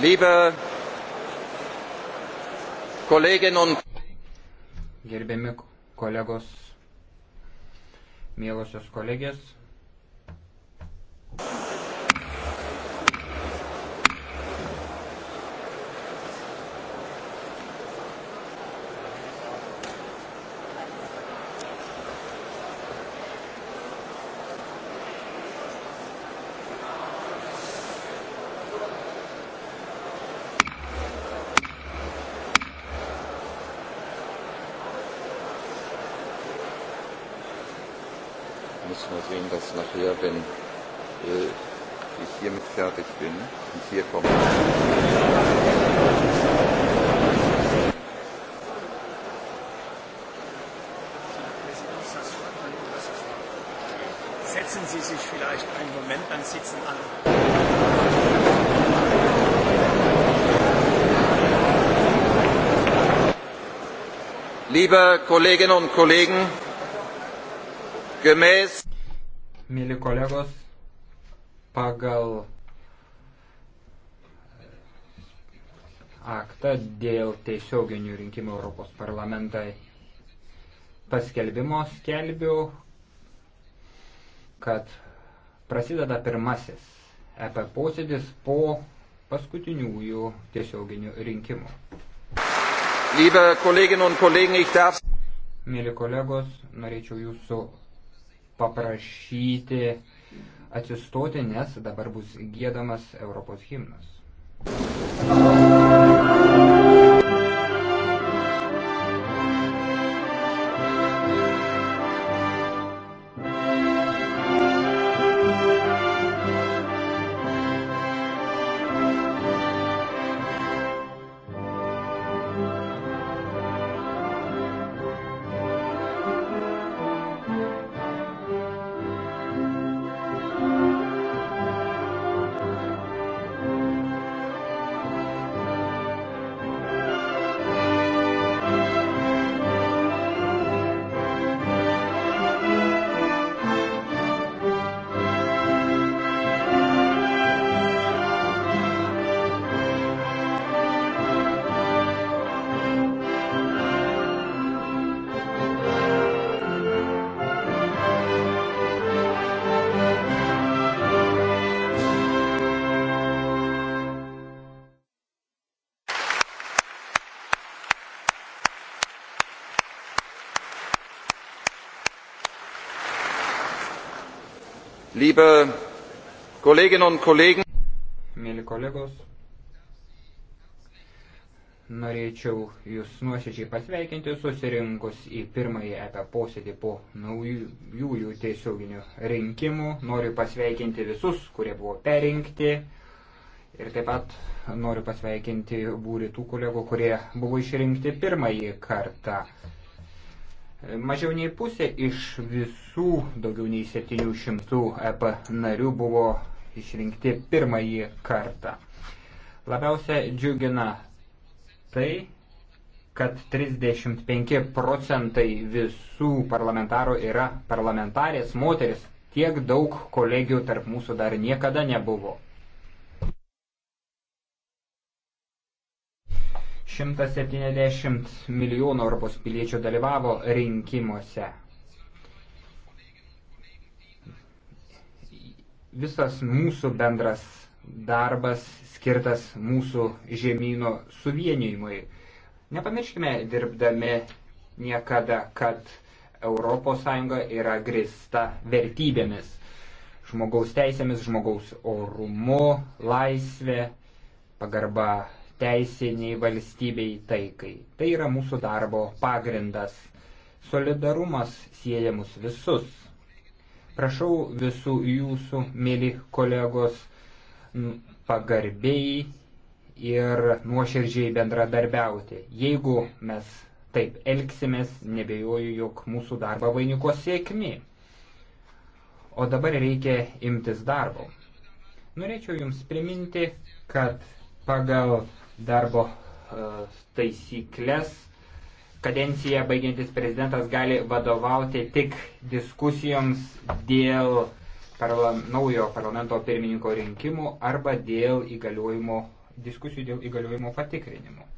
Liebe Kolleginnen und Gerbiami kolegos, mielosios kolegės, müssen wir sehen, dass nachher, wenn äh, ich hiermit fertig bin und hier komme. Setzen Sie sich vielleicht einen Moment beim Sitzen an. Liebe Kolleginnen und Kollegen, gemäß. Mėly kolegos, pagal aktą dėl tiesioginių rinkimų Europos parlamentai paskelbimo skelbiu, kad prasideda pirmasis EP posėdis po paskutiniųjų tiesioginių rinkimų. Liebe Kolleginnen und Kollegen, ich darf. Mėly kolegos, norėčiau jūsų paprašyti atsistoti, nes dabar bus gėdamas Europos himnas. Liebe Kolleginnen und Kollegen, Mėly kolegos, norėčiau Jūs nuoširdžiai pasveikinti susirinkus į pirmąjį apie posėdį po naujųjų tiesioginių rinkimų. Noriu pasveikinti visus, kurie buvo perinkti ir taip pat noriu pasveikinti būrį tų kolegų, kurie buvo išrinkti pirmąjį kartą. Mažiau nei pusė iš visų daugiau nei 700 EP narių buvo išrinkti pirmąjį kartą. Labiausia džiugina tai, kad 35 procentai visų parlamentarų yra parlamentarės moteris. Tiek daug kolegijų tarp mūsų dar niekada nebuvo. 170 milijonų Europos piliečių dalyvavo rinkimuose. Visas mūsų bendras darbas skirtas mūsų žemynų suvienijimui. Nepamirškime dirbdami niekada, kad ES yra grista vertybėmis. Žmogaus teisėmis, žmogaus orumu, laisvė, pagarba teisiniai valstybei taikai. Tai yra mūsų darbo pagrindas. Solidarumas sieja mus visus. Prašau visų jūsų, mėly kolegos, pagarbiai ir nuoširdžiai bendradarbiauti. Jeigu mes taip elgsimės, nebejoju, jog mūsų darbą vainiko sėkmi. O dabar reikia imtis darbo. Norėčiau Jums priminti, kad pagal darbo e, taisyklės. Kadenciją baigiantis prezidentas gali vadovauti tik diskusijoms dėl parla naujo parlamento pirmininko rinkimų arba dėl įgaliojimo diskusijų dėl įgaliojimo patikrinimo.